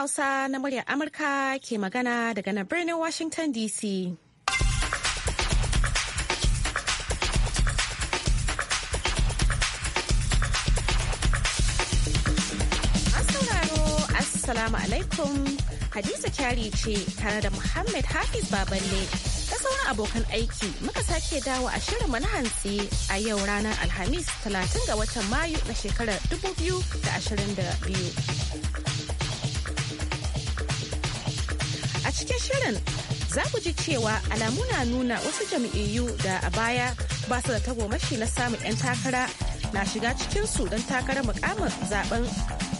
Hausa na muryar Amurka ke magana daga nan birnin Washington DC. Assalamu alaikum Hadiza Kyari ce tare da Muhammad Hafiz Baballe da sauran abokan aiki muka sake dawo a shirinmu na hantsi a yau ranar Alhamis 30 ga watan Mayu na shekarar 2022. cikin shirin za ku ji cewa alamu na nuna wasu jam'iyyu da a baya ba su da tagomashi na samun 'yan takara na shiga cikin su don takarar mukamin zaben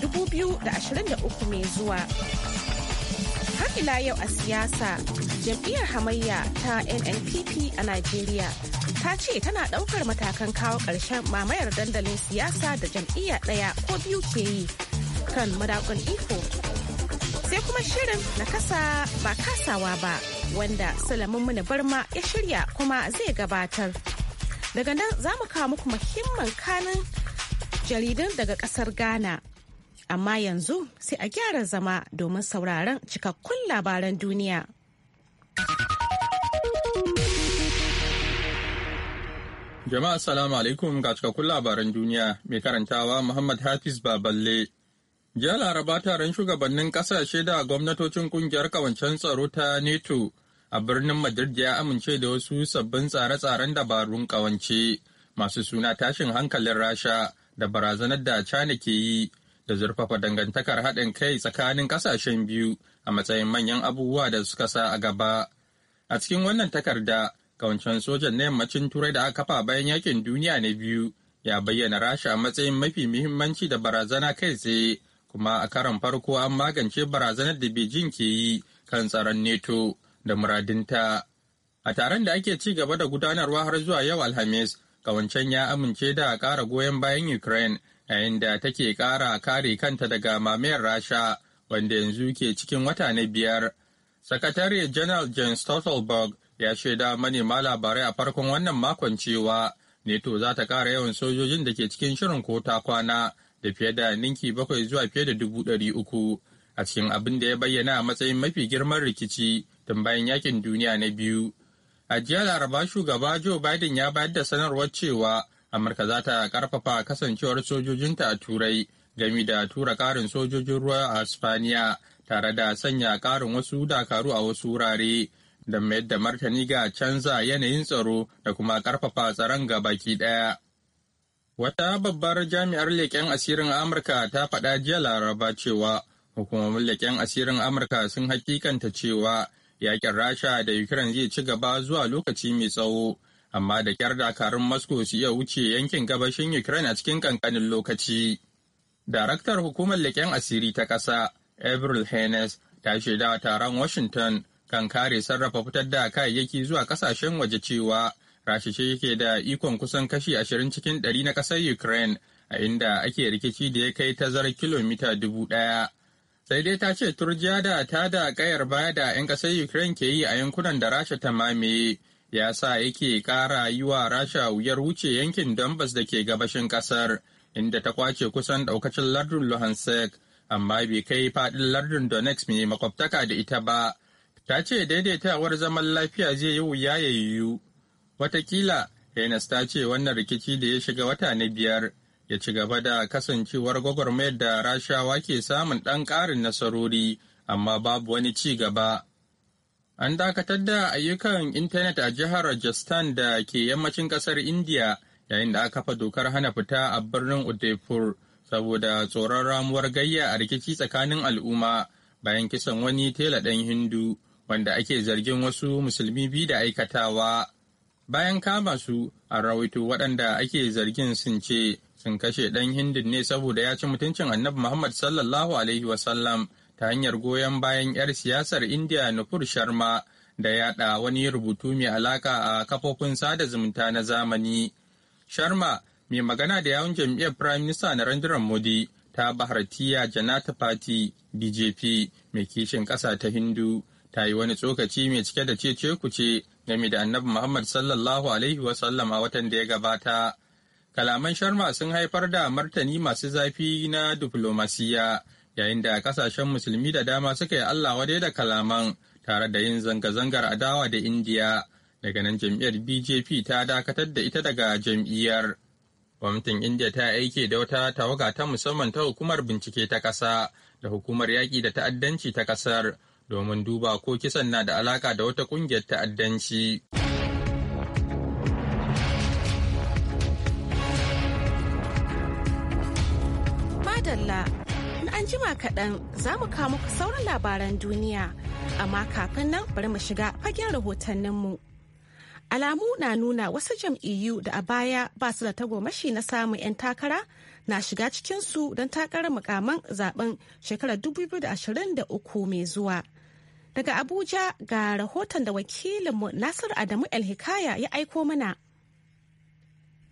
2023 mai zuwa. Har ila yau a siyasa, jam'iyyar hamayya ta NNPP a Najeriya ta ce tana ɗaukar matakan kawo ƙarshen mamayar dandalin siyasa da jam'iyya ɗaya ko biyu ke yi kan madakun iko kuma shirin na kasa ba kasawa ba wanda salamun Muna Barma ya shirya kuma zai gabatar. Daga nan za mu kawo muku muhimman kanin jaridun daga kasar Ghana. Amma yanzu sai a gyara zama domin sauraron cikakkun labaran duniya. Jama'a salamu alaikum ga cikakkun labaran duniya mai karantawa Muhammad Hafiz Baballe. Jiya Laraba taron shugabannin kasashe da gwamnatocin kungiyar kawancen tsaro ta NATO a birnin Madrid ya amince da wasu sabbin tsare-tsaren dabarun kawance masu suna tashin hankalin Rasha da barazanar da China ke yi da zurfafa dangantakar haɗin kai tsakanin ƙasashen biyu a matsayin manyan abubuwa da suka sa a gaba. A cikin wannan takarda, kawancen sojan na yammacin Turai da aka kafa bayan yakin duniya na biyu ya bayyana Rasha a matsayin mafi muhimmanci da barazana kai tsaye kuma a karon farko an magance barazanar da Beijing ke yi kan tsaron NATO da muradinta. A taron da ake ci gaba da gudanarwa har zuwa yau Alhamis, kawancen ya amince da ƙara goyon bayan Ukraine yayin da take ƙara kare kanta daga mamayar Rasha wanda yanzu ke cikin wata na biyar. Sakatare General Jens Stoltenberg ya shaida manema labarai a farkon wannan makon cewa NATO za ta ƙara yawan sojojin da ke cikin shirin ko ta kwana da fiye da ninki bakwai zuwa fiye da dubu ɗari uku a cikin abin da ya bayyana a matsayin mafi girman rikici tun bayan yakin duniya na biyu. A jiya laraba shugaba Joe Biden ya bayar da sanarwar cewa Amurka za ta karfafa kasancewar sojojinta a Turai gami da tura ƙarin sojojin ruwa a Spaniya tare da sanya ƙarin wasu dakaru a wasu wurare da mayar da martani ga canza yanayin tsaro da kuma karfafa tsaron ga baki ɗaya. Wata babbar jami'ar leƙen asirin Amurka ta faɗa jiya Laraba cewa hukumomin leƙen asirin Amurka sun hakikanta cewa yaƙin Rasha da Ukraine zai ci gaba zuwa lokaci mai tsawo, amma da kyar dakarun Moscow su iya wuce yankin gabashin Ukraine a cikin kankanin lokaci. Daraktar hukumar leƙen asiri ta ƙasa, Avril Haines, ta shaida taron Washington kan kare sarrafa fitar da kayayyaki zuwa ƙasashen waje cewa kashishe yake da ikon kusan kashi ashirin cikin ɗari na ƙasar ukraine a inda ake rikici da ya kai tazarar kilomita dubu ɗaya sai dai ta ce turjiya da ta da ƙayar baya da 'yan ƙasar ukraine ke yi a yankunan da rasha ta mamaye ya sa yake ƙara yi wa rasha wuyar wuce yankin donbas da ke gabashin ƙasar inda ta kwace kusan ɗaukacin lardin luhansk amma bai kai faɗin lardin donetsk mai makwabtaka da ita ba ta ce daidaitawar zaman lafiya zai yi wuya ya yiwu wataƙila Enes ta ce wannan rikici da ya shiga wata na biyar ya ci gaba da kasancewar gwagwarmayar da rashawa ke samun ɗan ƙarin nasarori, amma babu wani ci gaba. An dakatar da ayyukan intanet a jihar Rajasthan da ke yammacin ƙasar India yayin da aka kafa dokar hana fita a birnin Udaipur saboda tsoron ramuwar gayya a rikici tsakanin al'umma bayan kisan wani tela ɗan Hindu wanda ake zargin wasu musulmi biyu da aikatawa. Bayan kama su a rawaito waɗanda ake zargin sun ce sun kashe ɗan hindin ne saboda ya ci mutuncin annabi Muhammad sallallahu Alaihi wasallam ta hanyar goyon bayan 'yar siyasar India Nupur Sharma da yaɗa wani rubutu mai alaka a kafofin sada zumunta na zamani. Sharma mai magana da yawun jam'iyyar Prime Minister Narendra Modi ta Bharatiya Janata Party BJP mai kishin ƙasa ta Hindu ta yi wani tsokaci mai cike da cece ce. game da annabi Muhammad sallallahu Alaihi wasallam a watan da ya gabata. Kalaman Sharma sun haifar da martani masu zafi na diflomasiya yayin da kasashen musulmi da dama suka yi Allah wadai da kalaman tare da yin zanga-zangar adawa da Indiya. Daga nan jam'iyyar BJP ta dakatar da ita daga jam'iyyar. Gwamnatin Indiya ta aike da wata tawaga ta musamman ta hukumar bincike ta ƙasa da hukumar yaƙi da ta'addanci ta ƙasar. domin duba ko kisan na da alaka da wata kungiyar ta'addanci. Madalla, in an jima kaɗan za mu kawo muku sauran labaran duniya, amma kafin nan bari mu shiga fagen rahotanninmu. Alamu na nuna wasu jam'iyyu da a baya ba su da tagomashi na samun 'yan takara na shiga cikinsu don takarar mukaman zaben shekarar 2023 mai zuwa Daga Abuja ga rahoton da wakilinmu Nasiru Adamu el ya aiko mana.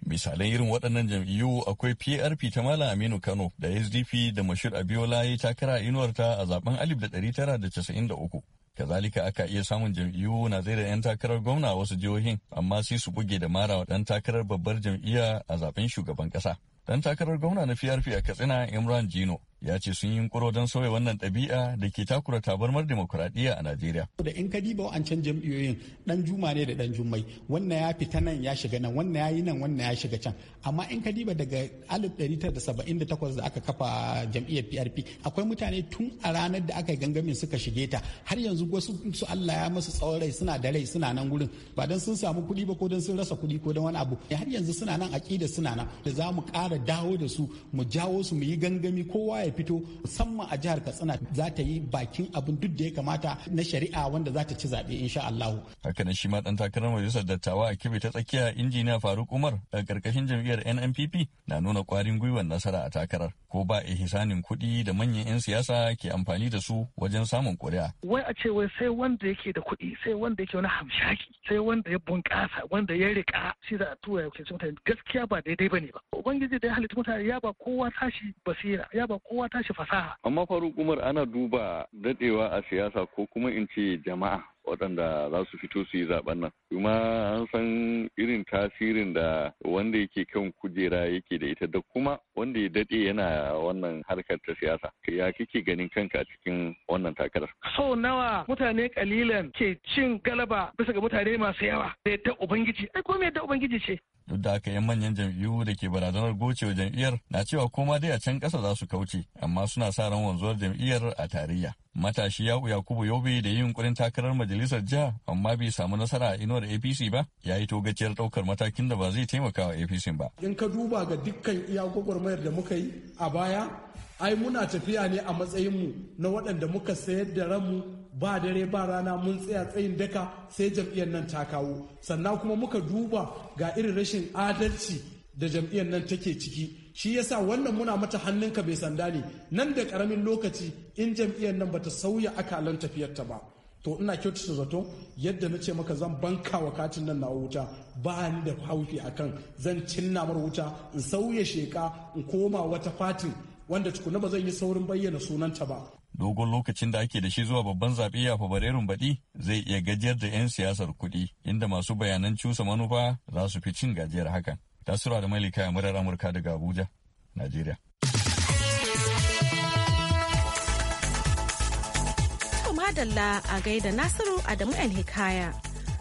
Misalan irin waɗannan jam'iyyu akwai PRP ta Malam Aminu Kano da SDP da Mashir Abiola ya takara inuwarta a zaben 1993. Kazalika aka iya samun jam'iyyu na zai da 'yan takarar gwamna wasu jihohin amma sai su buge da mara wa ɗan takarar babbar jam'iyya a zaben shugaban ƙasa. Ɗan takarar gwamna na PRP a Katsina Imran Jino ya ce sun yi yunkuro don sauya wannan ɗabi'a da ke takura tabarmar demokuraɗiyya a Najeriya. Da in ka diba wa'ancan jam'iyyoyin ɗan juma ne da ɗan jummai wannan ya fita nan ya shiga nan wannan ya yi nan wannan ya shiga can amma in ka diba daga 1978 da aka kafa jam'iyyar PRP akwai mutane tun a ranar da aka yi gangamin suka shige ta har yanzu wasu su Allah ya masu tsawon rai suna da rai suna nan gurin ba don sun samu kuɗi ba ko don sun rasa kuɗi ko don wani abu har yanzu suna nan aƙida suna nan da za mu ƙara dawo da su mu jawo su mu yi gangami kowa ya ya fito musamman a jihar katsina za ta yi bakin abin duk da ya kamata na shari'a wanda za ta ci zaɓe insha Allah. hakanan shi ma ɗan takarar majalisar dattawa a kibe ta tsakiya injiniya faruk umar a ƙarƙashin jam'iyyar nnpp na nuna ƙwarin gwiwar nasara a takarar ko ba ihsanin kuɗi da manyan 'yan siyasa ke amfani da su wajen samun ƙuri'a. wai a ce wai sai wanda yake da kuɗi sai wanda yake wani hamshaki sai wanda ya bunƙasa wanda ya riƙa shi za a tura ya mutane gaskiya ba daidai ba ne ba ubangiji da ya halitta mutane ya ba kowa tashi basira ya ba kowa kowa tashi fasaha. Amma faru Umar ana duba dadewa a siyasa ko kuma in ce jama'a waɗanda za su fito su yi zaben nan. Kuma an san irin tasirin da wanda yake kan kujera yake da ita da kuma wanda ya dade yana wannan harkar ta siyasa. Ya kake ganin kanka a cikin wannan takarar? So nawa mutane kalilan ke cin galaba bisa ga mutane masu yawa da yadda Ubangiji. Ai ko me yadda Ubangiji ce? duk da haka yan manyan jam'iyyu da ke barazanar gocewa jam'iyyar na cewa koma dai a can kasa za su kauce amma suna sa ran wanzuwar jam'iyyar a tarayya matashi ya yakubu yobe da yin yunkurin takarar majalisar jiha amma bai samu nasara a inuwar apc ba ya yi togaciyar ɗaukar matakin da ba zai taimaka wa apc ba in ka duba ga dukkan iya gwagwarmayar da muka yi a baya ai muna tafiya ne a matsayinmu na waɗanda muka sayar da ranmu ba dare ba rana mun tsaya tsayin daka sai jam'iyyar nan ta kawo sannan kuma muka duba ga irin rashin adalci da jam'iyyar nan take ciki shi yasa wannan muna mata hannunka bai sanda ne nan da karamin lokaci in jam'iyyar nan bata sauya akalan tafiyarta ba to ina kyautata zato yadda na ce maka zan banka wa katin nan na wuta ba ni da haufi kan zan cinna mar wuta in sauya sheka in koma wata fatin wanda tukuna ba zan yi saurin bayyana sunanta ba dogon lokacin da ake da shi zuwa babban zaɓe a fabarairun baɗi zai iya gajiyar da 'yan siyasar kuɗi inda masu bayanan cusa manufa za su fi cin gajiyar hakan. tasiru da Malika ya murar Amurka daga Abuja, Najeriya. Madalla a gaida Nasiru Adamu El Hikaya.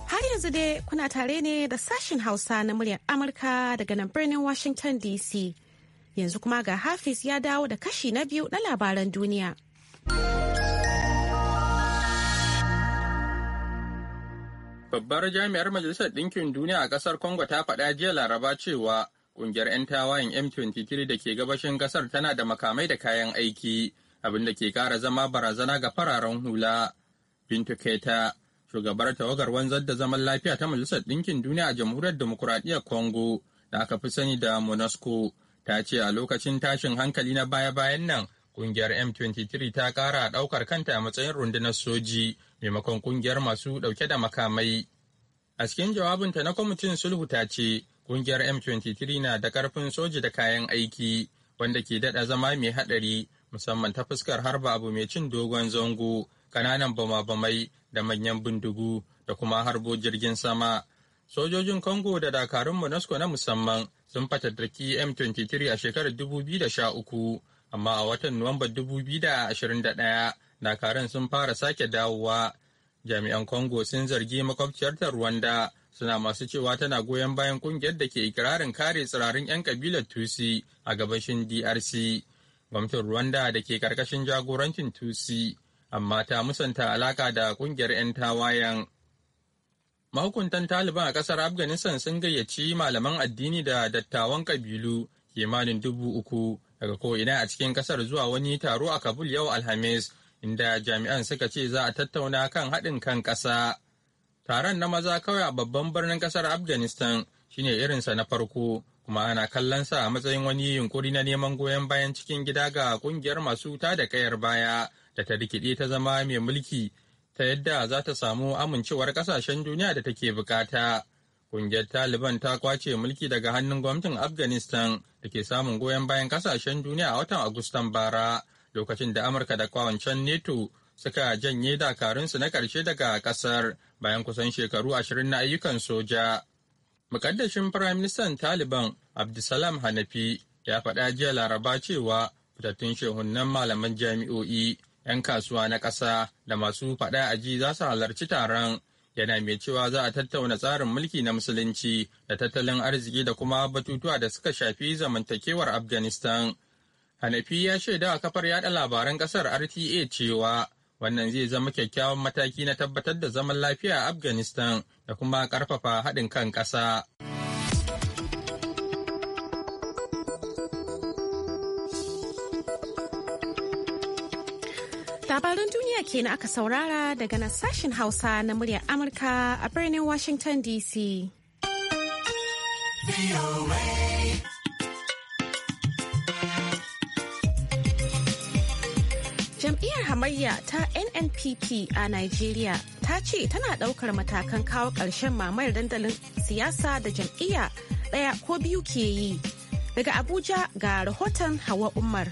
Har yanzu dai kuna tare ne da sashen Hausa na muryar Amurka daga nan birnin Washington DC. Yanzu kuma ga Hafiz ya dawo da kashi na biyu na labaran duniya. Babbar jami'ar Majalisar Ɗinkin Duniya a ƙasar Congo ta faɗa jiya Laraba cewa ƙungiyar 'yan tawayen M23 da ke gabashin ƙasar tana da makamai da kayan aiki, abin da ke ƙara zama barazana ga fararen hula. Bintu Keta, shugabar tawagar wanzar da zaman lafiya ta Majalisar Ɗinkin Duniya a Jamhuriyar Dimokuraɗiyyar Congo, da aka fi sani da Monusco, ta ce a lokacin tashin hankali na baya-bayan nan, ƙungiyar M23 ta ƙara ɗaukar kanta a matsayin rundunar soji. maimakon kungiyar masu ɗauke da makamai. A cikin jawabinta na kwamitin sulhu ta ce kungiyar M23 na da karfin soji da kayan aiki wanda ke dada zama mai haɗari musamman ta fuskar harba abu mai cin dogon zango, ƙananan bama-bamai da manyan bindigu da kuma harbo jirgin sama. Sojojin kongo da dakarun MONUSCO na musamman sun fatattaki M23 a shekarar 2013, amma a watan nuwamba 2021 dakaran sun fara sake dawowa jami'an congo sun zargi makwabciyar ta rwanda suna masu cewa tana goyon bayan kungiyar da ke ikirarin kare tsirarin 'yan kabilar tusi a gabashin drc gwamnatin rwanda da ke karkashin jagorancin tusi amma ta musanta alaka da kungiyar 'yan tawayen mahukuntan taliban a kasar afghanistan sun gayyaci malaman addini da dattawan kabilu kimanin dubu uku daga ko'ina a cikin kasar zuwa wani taro a kabul yau alhamis inda jami'an suka ce za a tattauna kan haɗin kan ƙasa. Taron na maza kawai a babban birnin ƙasar Afghanistan shine irinsa na farko kuma ana kallon sa a matsayin wani yunkuri na neman goyon bayan cikin gida ga ƙungiyar masu ta da kayar baya da ta rikide ta zama mai mulki ta yadda za ta samu amincewar ƙasashen duniya da take bukata. ƙungiyar Taliban ta kwace mulki daga hannun gwamnatin Afghanistan da ke samun goyon bayan ƙasashen duniya a watan Agustan bara. lokacin da Amurka da kwawancen neto suka janye dakarunsu na ƙarshe daga ƙasar bayan kusan shekaru ashirin na ayyukan soja. Mukaddashin Firaministan Taliban Abdulsalam Hanafi ya faɗa jiya Laraba cewa fitattun shehunnan malaman jami'o'i, 'yan kasuwa na ƙasa da masu faɗa aji za su halarci taron. Yana mai cewa za a tattauna tsarin mulki na musulunci da tattalin arziki da kuma batutuwa da suka shafi zamantakewar Afghanistan. Hanafi ya shaida a kafar yada labaran kasar RTA cewa wannan zai zama kyakkyawan mataki na tabbatar da zaman lafiya a Afghanistan da kuma karfafa haɗin kan ƙasa. Labaran duniya kenan aka saurara daga nan sashen Hausa na muryar Amurka a birnin Washington DC. Jam'iyyar hamayya ta NNPP a Najeriya ta ce tana ɗaukar matakan kawo ƙarshen mamayar dandalin siyasa da jam'iyya ɗaya ko biyu ke yi. Daga Abuja ga rahoton Hawa Umar.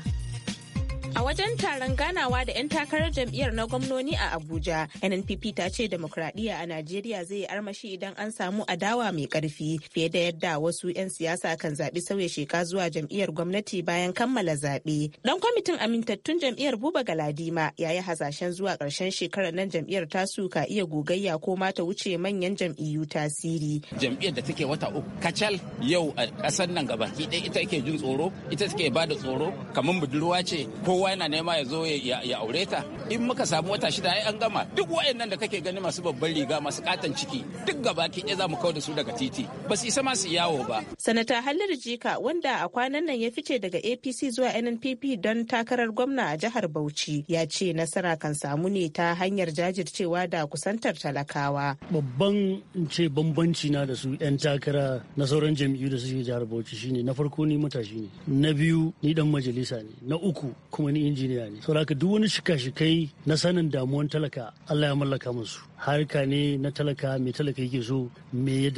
A wajen taron ganawa da 'yan takarar jam'iyyar na gwamnoni a Abuja, NNPP ta ce demokradiyya a Najeriya zai yi armashi idan an samu adawa mai karfi fiye da yadda wasu 'yan siyasa kan zaɓi sauya sheka zuwa jam'iyyar gwamnati bayan kammala zaɓe. Dan kwamitin amintattun jam'iyyar Buba Galadima ya yi hasashen zuwa ƙarshen shekarar nan jam'iyyar tasu ka iya gogayya ko ma ta wuce manyan jam'iyyu tasiri. Jam'iyyar da take wata uku kacal yau a ƙasar nan gabaki ɗaya ita ke jin tsoro ita take ba da tsoro kamar budurwa ce kowa kowa yana nema ya zo ya aure ta in muka samu wata shida ai an gama duk wayannan da kake gani masu babban riga masu katan ciki duk gaba ki za mu kawo da su daga titi ba su isa ma su yawo ba sanata halil jika wanda a kwanan nan ya fice daga apc zuwa nnpp don takarar gwamna a jihar bauchi ya ce nasara kan samu ne ta hanyar jajircewa da kusantar talakawa babban ce bambanci na da su 'yan takara na sauran jam'iyyu da suke jihar bauchi shine na farko ni matashi ne na biyu ni dan majalisa ne na uku kuma ni injiniya ne saboda duk wani shika-shikai na sanin damuwan talaka Allah ya mallaka musu harka ne na talaka mai talaka yake so me ya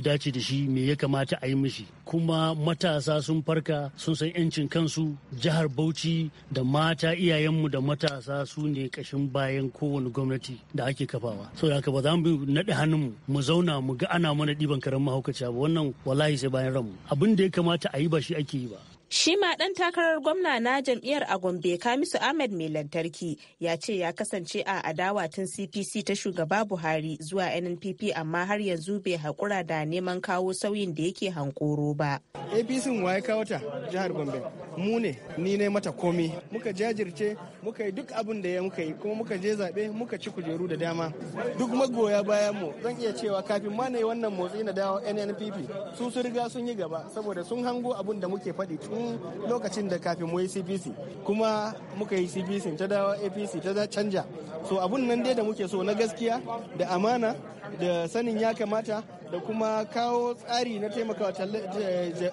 dace da shi me ya kamata a yi mishi kuma matasa sun farka sun san yancin kansu jihar Bauchi da mata iyayenmu da matasa su ne kashin bayan kowane gwamnati da ake kafawa saboda haka ba za mu naɗe hannunmu mu zauna mu ga ana mana ɗiban karen mahaukaci ba wannan wallahi sai bayan ranmu abin da ya kamata a yi ba shi ake yi ba Shi ma ɗan takarar gwamna na jam'iyyar a Gombe Kamisu Ahmed mai lantarki ya ce ya kasance a adawa tun CPC ta shugaba Buhari zuwa NNPP amma har yanzu bai haƙura da neman kawo sauyin da yake hankoro ba. apc waye kawo ta jihar gombe mu ne ni ne mata komi muka jajirce muka yi duk abin da ya muka yi kuma muka je zaɓe muka ci kujeru da dama duk magoya bayan mu zan iya cewa kafin ma ne wannan motsi na dawo nnpp su sun riga sun yi gaba saboda sun hango abin da muke faɗi tun lokacin da kafin mu yi cpc kuma muka yi cpc ta dawo apc ta canja so abun nan dai da muke so na gaskiya da amana da sanin ya kamata da kuma kawo tsari na taimakawa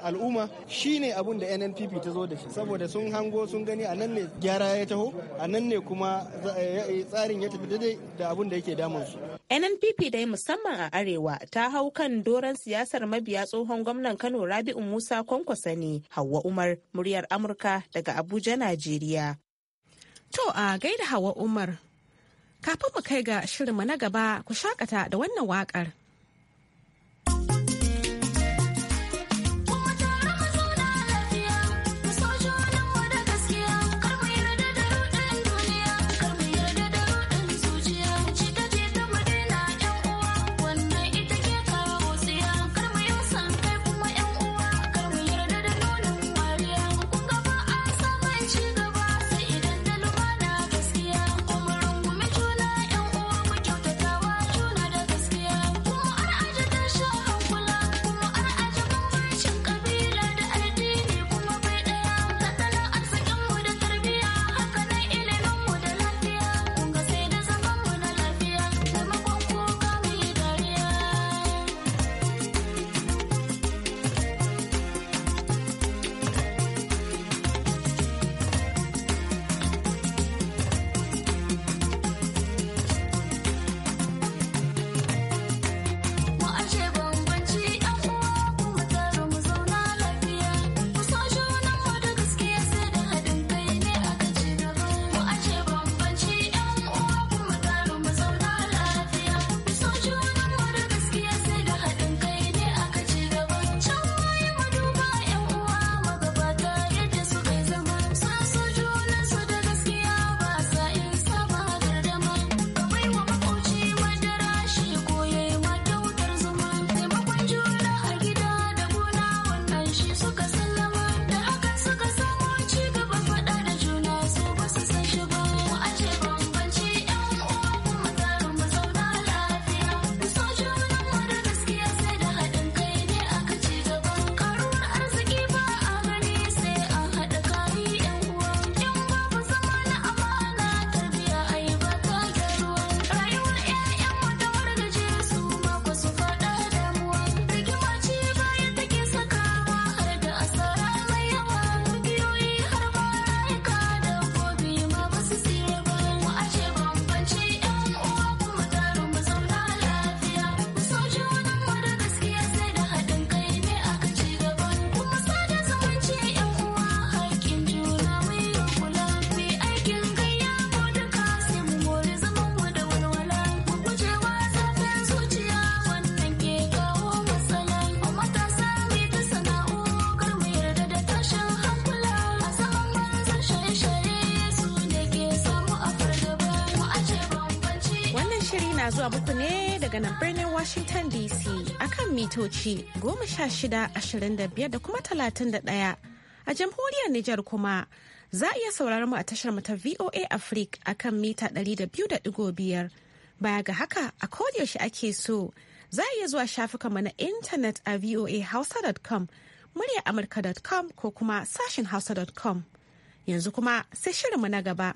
al'umma shine abun da nnpp ta zo da shi saboda sun hango sun gani a nan ne gyara ya taho a nan ne kuma tsarin ya tafi daidai da abun da yake damun su nnpp dai musamman a arewa ta hau kan doron siyasar mabiya tsohon gwamnan kano rabi'u musa kwankwasa ne hawa umar muryar amurka daga abuja najeriya to a gaida hawa umar kafin mu kai ga shirinmu na gaba ku shakata da wannan wakar zuwa muku ne daga nan birnin Washington DC akan mitoci 1625 da kuma 31 a jamhuriyar Nijar kuma za a iya sauraron mu a tashar mu ta VOA Africa akan mita 200.5 baya ga haka a yaushe ake so za a iya zuwa shafukanmu na intanet a voahausa.com muryar amurka.com ko kuma sashin hausa.com yanzu kuma sai shirinmu na gaba.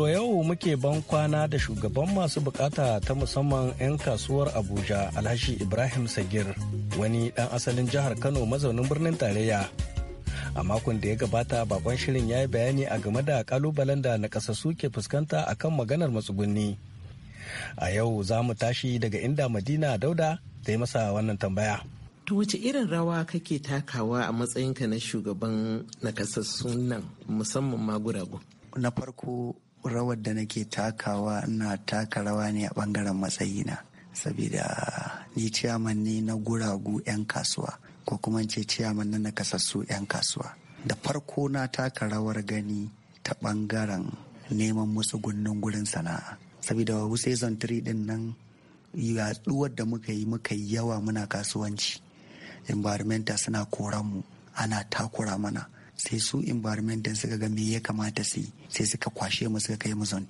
To yau muke ban kwana da shugaban masu bukata ta musamman 'yan kasuwar Abuja Alhashi Ibrahim Sagir wani ɗan asalin jihar Kano mazaunin birnin tarayya. A makon da ya gabata bakon shirin ya yi bayani a game da kalubalen da nakasassu ke fuskanta a kan maganar matsugunni. A yau za mu tashi daga inda Madina Dauda ta yi masa wannan tambaya. to wace irin rawa kake takawa a matsayinka na shugaban nakasassun nan musamman ma guragu? Na farko rawar da nake takawa na taka rawa ne a bangaren matsayina saboda ni ciyaman ne na guragu 'yan kasuwa ko kuma ce ciyaman na nakasassu 'yan kasuwa da farko na taka rawar gani ta bangaren neman musu gunnin gurin sana'a saboda wahu season 3 din nan yaduwar da muka yi muka yawa muna kasuwanci environmental suna koran mu ana takura mana sai su environment din suka ga me ya kamata su yi sai suka kwashe mu suka kai mu zone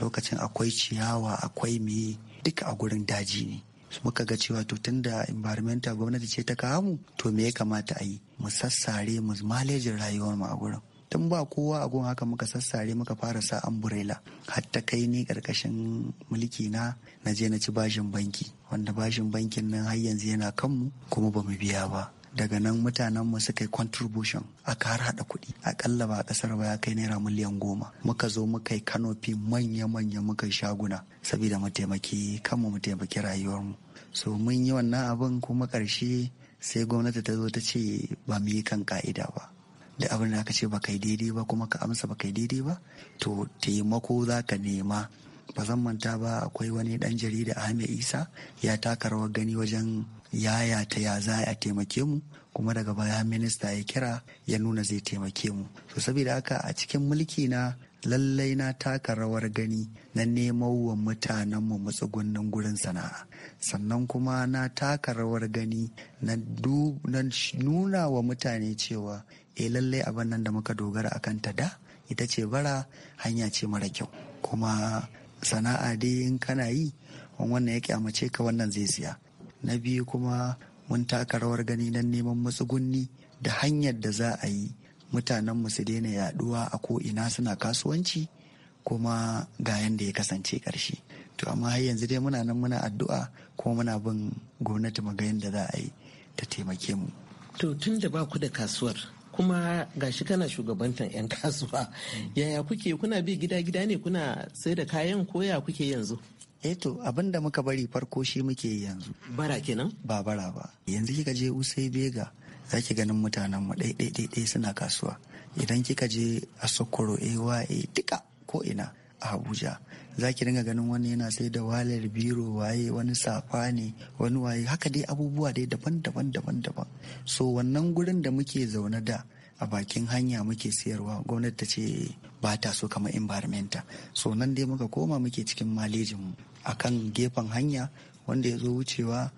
lokacin akwai ciyawa akwai me duka a gurin daji ne muka ga cewa to tunda environmental gwamnati ce ta kamu to me ya kamata a yi mu sassare mu malejin rayuwar mu a gurin tun ba kowa a gun haka muka sassare muka fara sa umbrella hatta kai ni karkashin mulki na na je na ci bashin banki wanda bashin bankin nan har yanzu yana kanmu kuma ba mu biya ba daga nan mutanen mu suka yi contribution a har hada kuɗi akalla ba kasar ba ya kai naira miliyan goma muka zo muka yi kanofi manya-manya muka shaguna saboda mu taimaki kanmu mu taimaki rayuwarmu so mun yi wannan abin kuma ƙarshe sai gwamnati ta zo ta ce ba mu yi kan ka'ida ba da abin da aka ce ba kai daidai ba kuma ka amsa ba kai daidai ba to taimako za ka nema ba zan manta ba akwai wani dan jarida ahmed isa ya taka rawar gani wajen yaya ta ya za a taimake mu kuma daga baya minista ya kira ya nuna zai taimake mu to saboda haka a cikin mulki na lallai na taka rawar gani na nemo wa mutanenmu matsugunnin gurin sana'a sannan kuma na taka rawar gani na nuna wa mutane cewa e lallai abin nan da muka dogara a kanta da ita ce bara hanya ce mara kyau kuma sana'a dai in kana yi wannan ya kyamace ka wannan zai siya na biyu kuma mun taka rawar gani don neman matsugunni da hanyar da za a yi mutanen su daina yaduwa a ko ina suna kasuwanci kuma ga yanda ya kasance karshe to amma har yanzu dai muna nan muna addu'a kuma muna bin gwamnati mu ga yanda za a yi ta taimake mu to tun da ba ku da kasuwar kuma gashi kana shugabantan 'yan kasuwa yaya kuke kuna bi gida-gida ne kuna sai da kayan koya kuke yanzu eto eh abin da muka bari farko shi muke yi yanzu bara kenan ba bara ba yanzu kika je usai bega za ki ganin mutanen mu ɗaiɗaiɗaiɗai suna kasuwa idan kika je a sokoro e duka ko ina a abuja za ki dinga ganin wani yana sai da walar biro waye wani safa ne wani waye haka dai abubuwa dai daban daban daban daban so wannan gurin da muke zaune da a bakin hanya muke siyarwa gwamnati ta ce ba ta so kamar environmental so nan dai muka koma muke cikin malejin mu kan gefen hanya wanda ya zo wucewa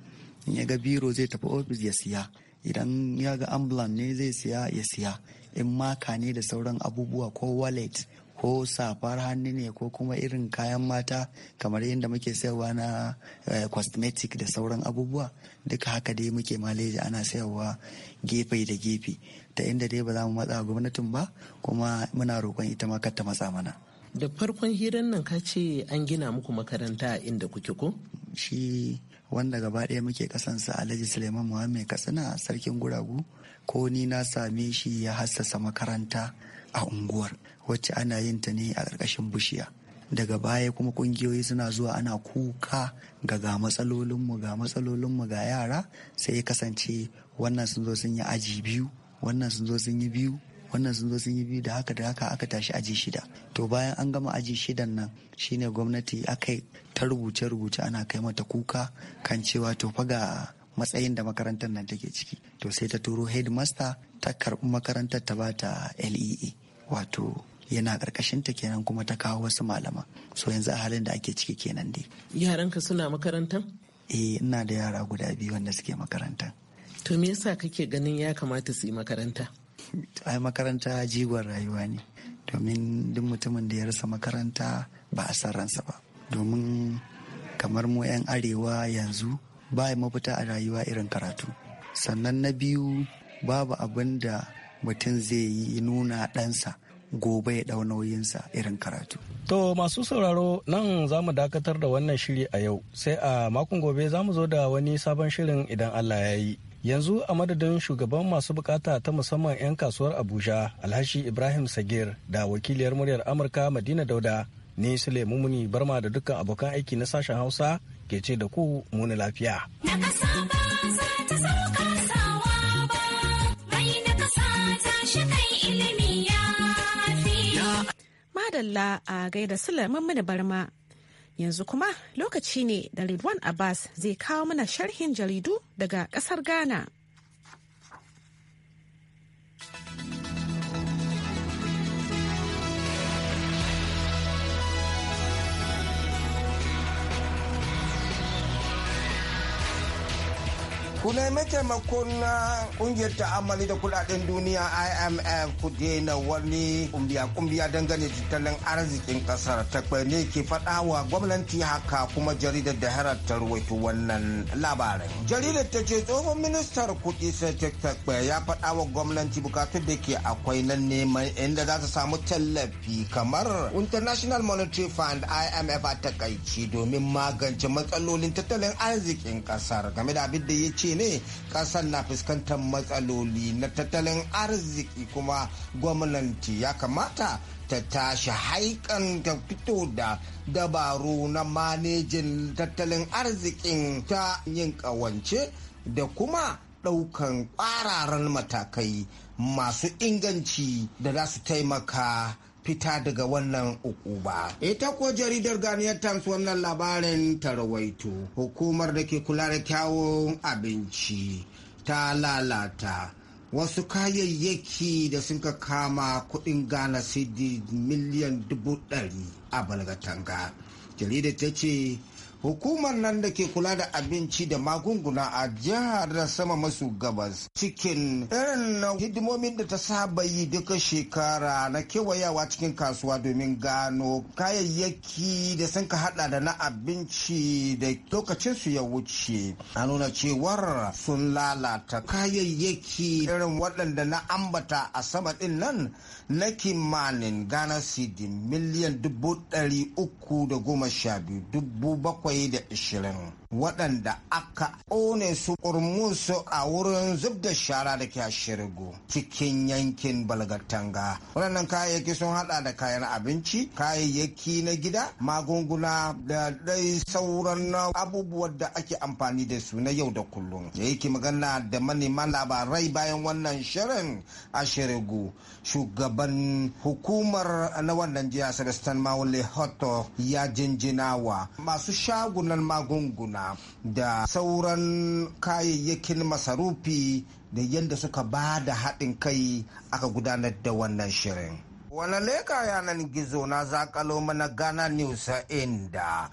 in ya ga biro zai tafi ofis ya siya idan ya ga ambulan ne zai siya ya siya in maka ne da sauran abubuwa ko wallet ko safar hannu ne ko kuma irin kayan mata kamar yadda muke sayarwa na eh, cosmetic da sauran abubuwa duka haka dai muke maleji ana sayarwa gefe da gefe ta inda dai ba za mu matsa gwamnatin ba kuma muna roƙon ita ma kar ta matsa mana da farkon hirar nan ka ce an gina muku makaranta inda kuke ko shi wanda gaba ɗaya muke kasansa alhaji suleiman muhammed katsina sarkin guragu ko ni na same shi ya hassasa makaranta a unguwar wacce ana yin ta ne a ƙarƙashin bishiya daga baya kuma kungiyoyi suna zuwa ana kuka ga ga matsalolinmu ga matsalolinmu ga yara sai ya kasance wannan sun zo sun yi aji biyu wannan sun zo sun yi biyu wannan sun zo sun yi biyu da haka da haka aka tashi aji shida to bayan an gama aji shidan nan shine gwamnati aka ta rubuce rubuce ana kai mata kuka kan cewa to fa ga matsayin da makarantar nan take ciki to sai ta turo headmaster ta karbi makarantar ta bata LEA wato yana karkashin ta kenan kuma ta kawo wasu malaman so yanzu a halin da ake ciki kenan dai yaranka suna makarantar eh ina da yara guda biyu wanda suke makarantar To me yasa kake ganin ya kamata su yi makaranta? Ai makaranta jigon rayuwa ne. Domin duk mutumin da ya rasa makaranta ba a san ransa ba. Domin kamar mu 'yan arewa yanzu ba mafita a rayuwa irin karatu. Sannan na biyu babu abin da mutum zai yi nuna ɗansa gobe ya ɗau nauyinsa irin karatu. To masu sauraro nan za mu dakatar da wannan shiri a yau sai a makon gobe za mu zo da wani sabon shirin idan Allah ya yi. yanzu a madadin shugaban masu bukata ta musamman 'yan kasuwar abuja alhashi ibrahim sagir da wakiliyar muryar amurka madina dauda ni sule mumuni barma da dukkan abokan aiki na sashen hausa ke ce da ku muni lafiya madalla a gaida sule mini barma Yanzu kuma lokaci ne da Ridwan Abbas zai kawo mana sharhin jaridu daga ƙasar Ghana. Kuna mataimakon na kungiyar ta'amali da kudaden duniya IMF ku daina wani kumbiya-kumbiya dangane tattalin arzikin kasar ta ne ke faɗa wa gwamnati haka kuma jaridar da Herald ta wannan labarin. Jaridar ta ce tsohon ministar kuɗi ta Takwa ya faɗa wa gwamnati bukatun da ke akwai na neman inda za ta samu tallafi kamar International Monetary Fund IMF a takaici domin magance matsalolin tattalin arzikin kasar game da abin da ya ce ne kasar na fuskantar matsaloli na tattalin arziki kuma gwamnati ya kamata ta tashi haikan ta fito da dabaru na manejin tattalin arzikin ta yin kawance da kuma ɗaukan ƙwararan matakai masu inganci da za su taimaka fita daga wannan ukuba. Ita ko jaridar Ghanaian Times wannan labarin ta rawaito hukumar da ke kula da kyawun abinci ta lalata wasu kayayyaki da sun ka kama kuɗin Ghana Cedi miliyan dubu ɗari a balgatanga. Jaridar ta ce hukumar nan da ke kula da abinci da magunguna a jihar da sama masu gabas cikin irin na hidimomin da ta saba yi duka shekara na kewayawa cikin kasuwa domin gano kayayyaki da sun ka hada da na abinci da lokacin su ya wuce a nuna cewar sun lalata kayayyaki irin waɗanda na ambata a sama din nan na kimanin gana cedi miliyan dubu ɗari uku da goma sha biyu dubu bakwai da ishirin waɗanda aka ƙone su ƙurmusu a wurin zub da shara da ke shirgu cikin yankin balgatanga waɗannan kayayyaki sun hada da kayan abinci kayayyaki na gida magunguna da dai sauran abubuwan da ake amfani da su na yau da kullum da yake magana da manema labarai bayan wannan shirin a shirgu shugaban hukumar na wannan jiya celestin mawule hoto ya jinjinawa masu sha shagunan magunguna da sauran kayayyakin masarufi da yadda suka ba da haɗin kai aka gudanar da wannan shirin. Wani leka yanan gizo na zakalo mana Ghana News inda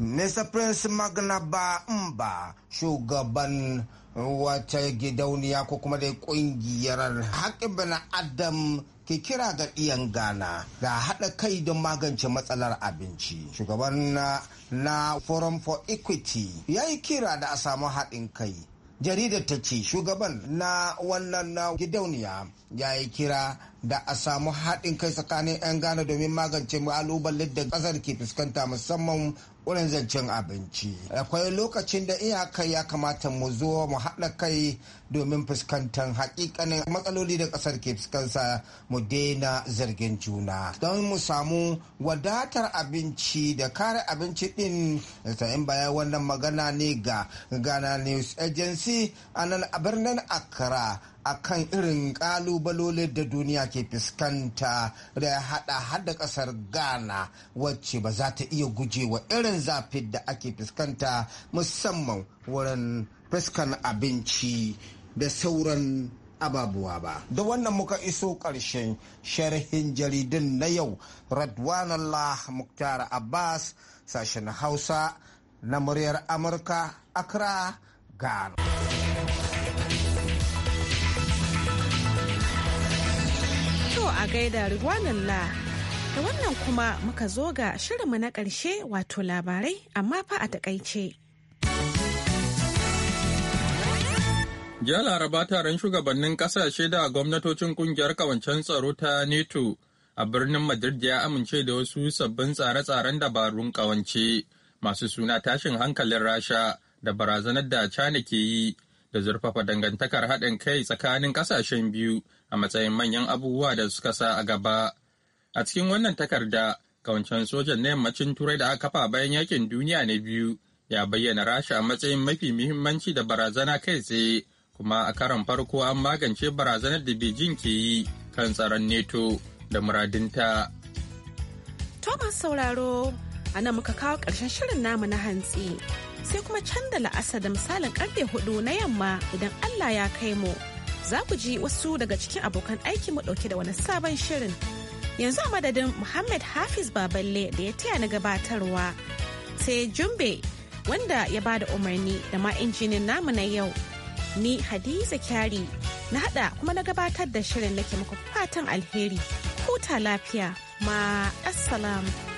Mr. Prince Magnaba Mba shugaban wata gidauniya ko kuma dai kungiyar haƙƙin bana adam ke kira ga iyan gana da haɗa kai don magance matsalar abinci shugaban na, na forum for equity ya yi kira da a samu haɗin kai jaridar ta ce shugaban na wannan na gidauniya ya yi kira da a samu haɗin kai tsakanin 'yan Ghana domin magance ƙalubalen da ƙasar ke fuskanta musamman wurin zancen abinci. Akwai lokacin da iyakai ya kamata mu zo mu haɗa kai domin fuskantar hakikanin matsaloli da ƙasar ke fuskanta mu daina zargin juna. Don mu samu wadatar abinci da kare abinci ɗin in bayan wannan magana ne ga Ghana News Agency a nan a birnin Accra. akan irin kalubalolin da duniya ke fuskanta da ya hada hada kasar ghana wacce ba za ta iya guje wa irin zafin da ake fuskanta musamman wurin fuskan abinci da sauran ababuwa ba da wannan muka iso karshen sharhin jaridun na yau radwanallah muktar abbas sashen hausa na muryar amurka accra ghana yau a gaida ruwanalla, la. Da wannan kuma muka zo ga shirinmu na ƙarshe wato labarai amma fa a takaice. Jiya Laraba taron shugabannin ƙasashe da gwamnatocin ƙungiyar kawancen tsaro ta NETO a birnin Madrid ya amince da wasu sabbin tsare-tsaren dabarun ƙawance masu suna tashin hankalin Rasha da barazanar da China ke yi da zurfafa dangantakar haɗin kai tsakanin ƙasashen biyu a matsayin manyan abubuwa da suka sa a gaba. A cikin wannan takarda, kawancen sojan na yammacin Turai da aka kafa bayan yakin duniya na biyu ya bayyana Rasha a matsayin mafi muhimmanci da barazana kai tsaye, kuma a karon farko an magance barazanar da Beijing ke yi kan tsaron neto da muradinta. Thomas Sauraro, a nan muka kawo ƙarshen shirin namu na hantsi. Sai kuma can la'asa da misalin karfe hudu na yamma idan Allah ya kai mu. za ku ji wasu daga cikin abokan aikin mu dauke da wani sabon shirin. Yanzu a madadin Muhammad Hafiz Baballe da ya taya na gabatarwa sai Jumbe wanda ya ba da umarni da ma injinin namu na yau. Ni Hadiza Kyari na haɗa kuma na gabatar da shirin nake muku fatan alheri. Huta lafiya ma assalamu.